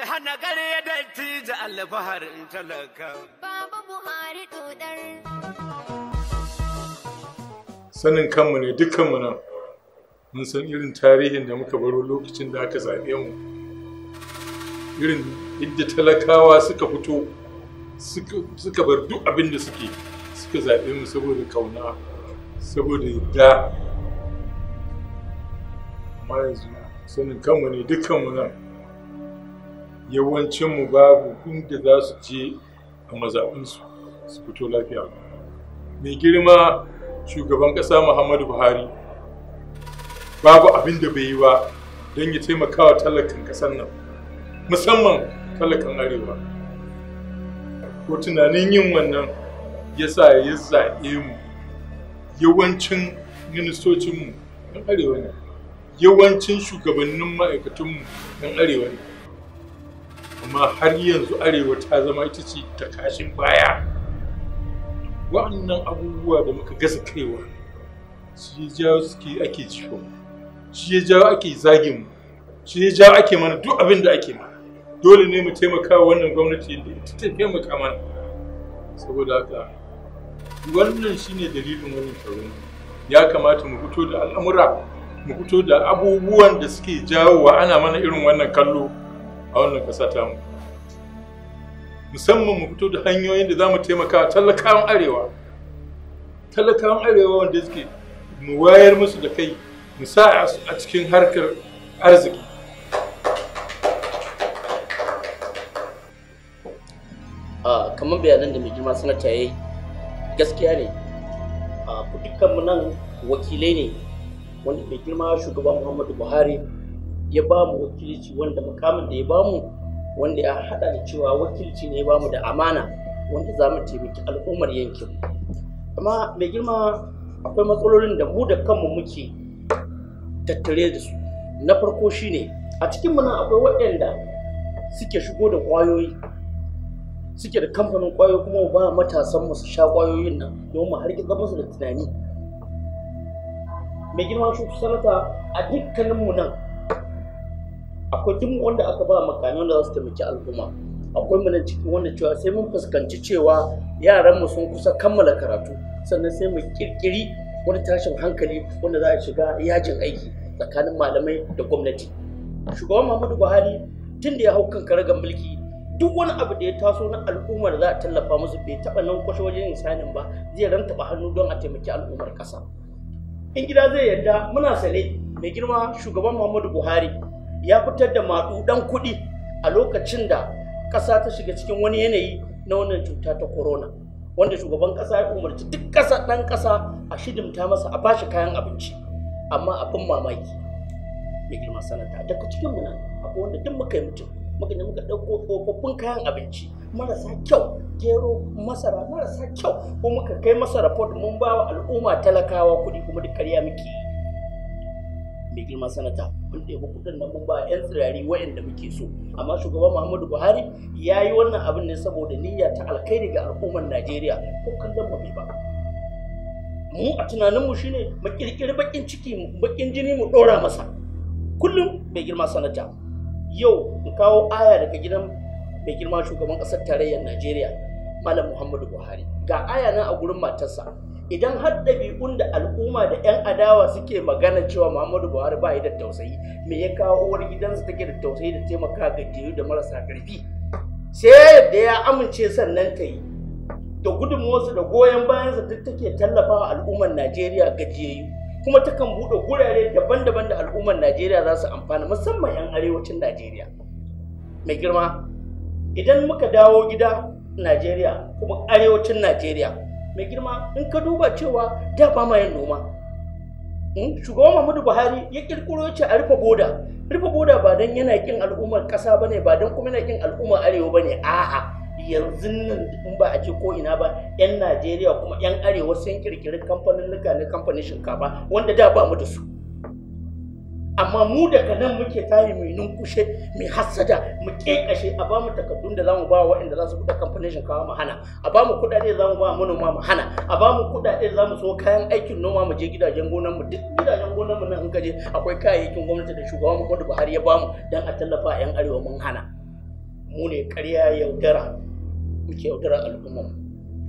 hana gare ya danti da alfaharin talaka. Buhari dodar. Sanin kanmu ne dukkanmu nan. Mun san irin tarihin da muka baro lokacin da aka zaɓe mu. Irin yadda talakawa suka fito suka bar duk abin da suke suka zaɓe mu saboda kauna saboda yadda. Amma yanzu sanin kanmu ne dukkanmu nan. yawancin mu babu inda za su je a mazaɓinsu su fito lafiya mai girma shugaban ƙasa muhammadu buhari babu abin da bai yi ba don ya taimaka wa talakan ƙasar nan musamman talakan arewa ko tunanin yin wannan ya sa ya zaɓe mu yawancin ministocinmu ɗan arewa ne yawancin shugabannin ma'aikatanmu ɗan arewa ne amma har yanzu arewa ta zama ita ce ta kashin baya wa'annan abubuwa da muka gasa kaiwa shi ya jawo suke ake ciwo shi ya jawo ake zagin mu shi ya jawo ake mana duk abin da ake mana dole ne mu taimaka wa wannan gwamnati da ita ta taimaka mana saboda haka wannan shine dalilin wannan taron ya kamata mu fito da al'amura mu fito da abubuwan da suke jawo wa ana mana irin wannan kallo a wannan ƙasa ta mu musamman mu fito da hanyoyin da za mu taimaka talakawan arewa talakawan arewa wanda suke mu wayar musu da kai mu sa a cikin harkar arziki kamar bayanan da mai girma sanata ya yi gaskiya ne ku dukkanmu nan wakilai ne wanda mai girma shugaba muhammadu buhari ya ba mu wakilci wanda mukamin da ya ba mu wanda ya hada da cewa wakilci ne ya ba mu da amana wanda za mu taimaki al'ummar yankin amma mai girma akwai matsalolin da mu da kanmu muke tattare da su na farko shine a cikin muna akwai waɗanda suke shigo da ƙwayoyi suke da kamfanin ƙwayoyi kuma ba matasan mu su sha ƙwayoyin nan domin mu zama musu da tunani mai girma shi sanata a dukkaninmu nan akwai duk wanda aka ba makami wanda za su taimaki al'umma akwai mu cikin wanda cewa sai mun fuskanci cewa yaran mu sun kusa kammala karatu sannan sai mu kirkiri wani tashin hankali wanda za a shiga yajin aiki tsakanin malamai da gwamnati shugaban muhammadu buhari tun da ya hau kan karagar mulki duk wani abu da ya taso na da za a tallafa musu bai taba nan kwashe wajen insanin ba zai rantaba hannu don a taimaki al'ummar ƙasa in gida zai yarda muna sane mai girma shugaban muhammadu buhari ya fitar da dan kudi a lokacin da ƙasa ta shiga cikin wani yanayi na wannan cuta ta corona wanda shugaban ƙasa ya umarci duk ƙasa ɗan ƙasa a shidimta masa a bashi kayan abinci amma abin mamaki mai girma sanata daga cikin muna akwai wanda duk muka yi mutum muka muka ɗauko tsofaffin kayan abinci marasa kyau gero masara marasa kyau ko muka kai masa raport mun ba wa al'umma talakawa kuɗi kuma duk ƙarya muke yi mai girma sanata mun ɗebi kuɗin nan mun ba 'yan tsirari waɗanda muke so amma shugaban muhammadu buhari ya yi wannan abin ne saboda niyya ta alkhairi ga al'ummar najeriya ko kallon mu bai ba mu a tunaninmu shine mu kirkiri bakin ciki bakin jini mu ɗora masa kullum mai girma sanata yau mu kawo aya daga gidan mai girma shugaban ƙasar tarayyar najeriya malam muhammadu buhari ga aya na a gurin matarsa idan har ɗabi'un da al'umma da 'yan adawa suke magana cewa muhammadu buhari ba da tausayi me ya kawo uwar gidansa take da tausayi da taimaka ga jeyu da marasa ƙarfi sai da ya amince sannan ta yi da gudunmuwarsa da goyon bayansa duk take tallafa wa al'ummar najeriya gajiyayyu kuma takan buɗe gurare daban-daban da al'ummar najeriya za su amfana musamman 'yan arewacin najeriya mai girma idan muka dawo gida najeriya kuma arewacin najeriya mai girma in ka duba cewa da ba ma yin noma hmm? shugaban muhammadu buhari ya kirkiro ce a rufe boda rufe boda ba don yana kin al'ummar kasa ba ne ba don kuma yana kin al'ummar arewa ba ne a'a yanzu nan in ba a ce ko ina ba yan najeriya kuma yan arewa sun kirkiri kamfanin na kamfanin shinkafa wanda da ba mu da su amma mu daga nan muke tayi mai numfushe mai hasada mu kekashe a mu takardun da zamu ba waɗanda za su buɗe kamfanin shinkawa mu hana a mu kuɗaɗe za mu ba manoma mu hana a mu kuɗaɗe za mu so kayan aikin noma mu je gidajen gonan mu duk gidajen gonan mu nan in gaje akwai kayayyakin gwamnati da shugaban Muhammadu Buhari ya bamu dan a tallafa yan arewa mun hana mu ne ƙarya yaudara muke yaudara al'umma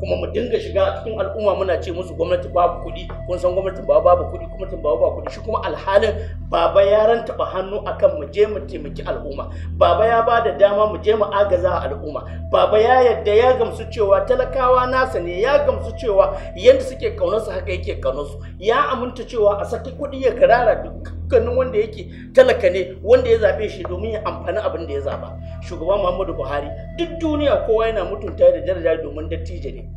kuma mu dinga shiga cikin al'umma muna ce musu gwamnati babu kuɗi kun san gwamnati ba babu kuɗi gwamnatin baba ba kudi shi kuma alhalin baba ya rantaba hannu akan mu je mu taimaki al'umma baba ya ba da dama mu je mu agaza al'umma baba ya yadda ya gamsu cewa talakawa nasa ne ya gamsu cewa yadda suke su haka yake su ya aminta cewa a saki kuɗi ya karara dukkanin wanda yake talaka ne wanda ya zaɓe shi domin ya amfani abin da ya zaba shugaba muhammadu buhari duk duniya kowa yana mutunta da daraja domin dattijo ne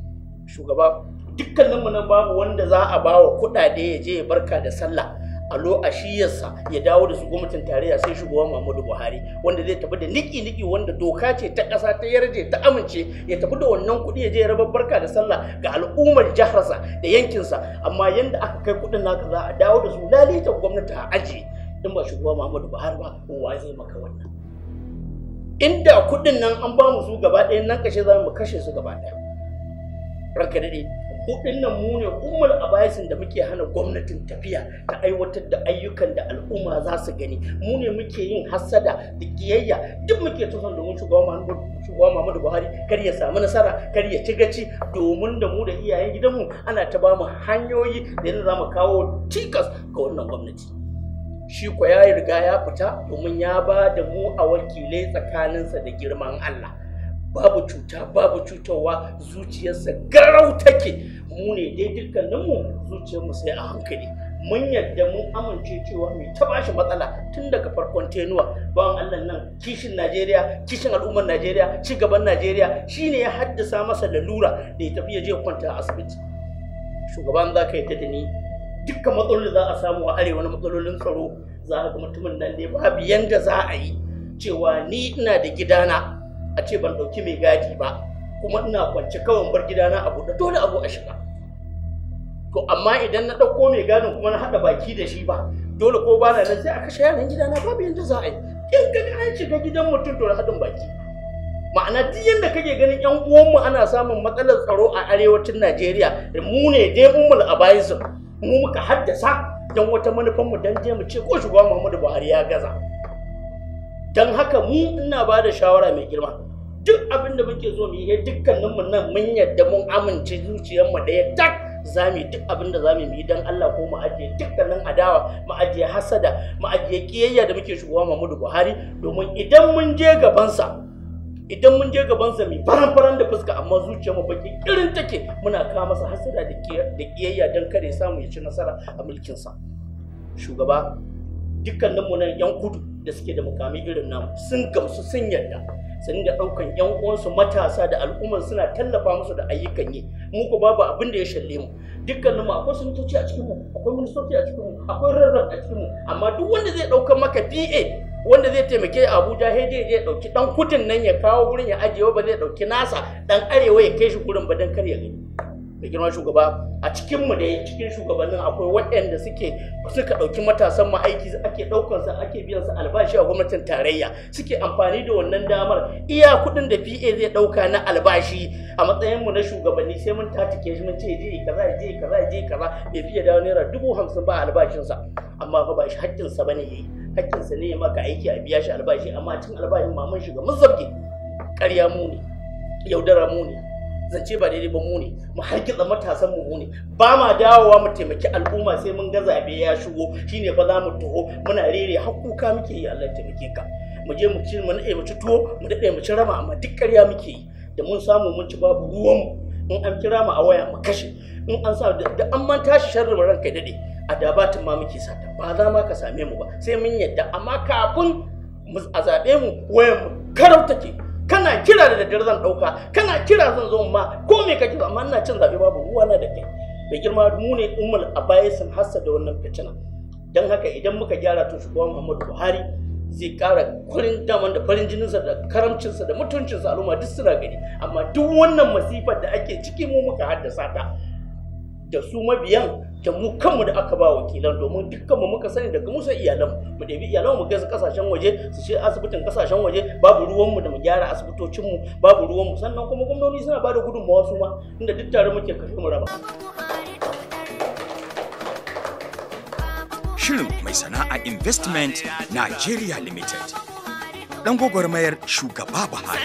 shugaba mu nan babu wanda za a ba wa kuɗaɗe ya je ya barka da sallah a lo a shiyarsa ya dawo da su gwamnatin tarayya sai shugaban Muhammadu Buhari wanda zai tafi da niki niki wanda doka ce ta ƙasa ta yarje ta amince ya tafi da wannan kuɗi ya je ya rabar barka da sallah ga al'ummar jiharsa da yankinsa amma yanda aka kai kuɗin naka za a dawo da su lalita gwamnati a aji in ba shugaba Muhammadu Buhari ba kowa zai maka wannan inda kuɗin nan an ba mu su gaba ɗaya nan kashe za mu kashe su gaba ɗaya ranka daɗe Kuɗin nan mu ne ummul abaisin da muke hana gwamnatin tafiya ta aiwatar da ayyukan da al'umma za su gani mu ne muke yin hasada da kiyayya duk muke tusan domin shugaba Muhammadu Buhari kar ya samu nasara kar ya ci gaci domin da mu da iyayen gidanmu ana ta ba mu hanyoyi da yadda za mu kawo tikas ga wannan gwamnati shi ko ya riga ya fita domin ya ba da mu a wakilai tsakaninsa da girman Allah babu cuta babu cutarwa zuciyarsa garau take mu ne dai dukkaninmu zuciyarmu sai a hankali mun yadda mun amince cewa mai ta bashi matsala tun daga farkon tenuwa bawan Allah nan kishin Najeriya kishin al'ummar Najeriya ci gaban Najeriya shine ya haddasa masa lalura da ya tafi ya je kwanta a asibiti shugaban za ka yadda da ni dukkan matsalolin za a samu a arewa na matsalolin tsaro za a ga mutumin nan ne babu yanda za a yi cewa ni ina da gidana a ce ban ɗauki mai gadi ba kuma ina kwance kawai bar gidana a da dole abu a shiga to amma idan na ɗauko mai gadin kuma na haɗa baki da shi ba dole ko ba na nan sai a kashe yaran gidana babu yanda za a yi in ka an shiga gidan mutum to na haɗin baki ma'ana duk yanda kake ganin yan uwanmu ana samun matsalar tsaro a arewacin Najeriya mu ne dai ummul abaisin mu muka haddasa dan wata manufan mu dan je mu ce ko shugaba Muhammadu Buhari ya gaza dan haka mu ina ba da shawara mai girma duk abin da muke zo mu yi dukkanin mu nan mun yadda mun amince zuciyar mu daya tak za mu duk abin da za mu yi dan Allah ko mu ajiye dukkanin adawa mu ajiye hasada mu ajiye kiyayya da muke shugaba Muhammadu Buhari domin idan mun je gaban sa idan mun je gaban sa mai faran faran da fuska amma zuciyar mu baki irin take muna kawo masa hasada da kiyayya dan kare samu ya ci nasara a mulkin sa shugaba dukkanin mu nan yan kudu da suke da mukami irin namu sun gamsu sun yarda sun da ɗaukan 'yan uwansu matasa da al'umman suna tallafa musu da ayyukan yi mu ko babu abin da ya shalle mu dukkanin mu akwai sanatoci a cikin mu akwai ministoci a cikin mu akwai rarrab a cikin mu amma duk wanda zai ɗauka maka DA wanda zai taimake Abuja sai dai zai ɗauki ɗan kudin nan ya kawo gurin ya ajiye ba zai ɗauki nasa ɗan arewa ya kai shi gurin ba dan kar ya gani da girman shugaba a cikin mu dai cikin shugabannin akwai waɗanda suke suka ɗauki matasan mu aiki ake ɗaukar su ake biyan su albashi a gwamnatin tarayya suke amfani da wannan damar iya kuɗin da PA zai ɗauka na albashi a matsayin mu na shugabanni sai mun tatike shi mun ce je kaza je kaza je kaza bai fiye da naira dubu hamsin ba albashinsa amma fa ba shi haƙƙinsa bane yayi haƙƙinsa ne ya maka aiki a biya shi albashi amma cikin albashin maman ƙarya mu ne yaudara mu ne zance ba daidai ba mu ne mu hargitsa matasan mu ne ba ma dawowa mu taimaki al'umma sai mun ga zabe ya shigo shine fa za mu taho muna rere hakuka muke yi Allah taimake ka mu je mu ci mu nade mu ci tuwo mu dade mu ci rama amma duk ƙarya muke yi da mun samu mun ci babu ruwan in an kira mu a waya mu kashe in an sa da an man tashi sharrin ranka dade a da batun ma muke sata ba za ma ka same mu ba sai mun yadda amma kafin a zaɓe mu wayan mu karau take kana kira da daddare zan ɗauka kana kira zan zo ma ko me ka kira amma ina cin zaɓe babu ruwa na da kai bai girma mu ne ummul abaya sun hassa da wannan fitina dan haka idan muka gyara to shugaba muhammadu buhari zai kara kurin daman da farin jininsa da karamcinsa da mutuncinsa al'umma duk suna gani amma duk wannan masifar da ake ciki mu muka haddasa ta da su mabiyan da mu kanmu da aka ba wakilan domin dukkanmu muka sani daga musa iyalan mu ɗebi iyalan mu su kasashen waje su ce asibitin kasashen waje babu ruwanmu da mu gyara asibitocinmu babu ruwanmu sannan kuma gwamnati suna ba da gudunmawa su ma inda duk tare muke kashe mu raba. Shirin mai sana'a investment Nigeria Limited. Dan gwagwarmayar shugaba bahari.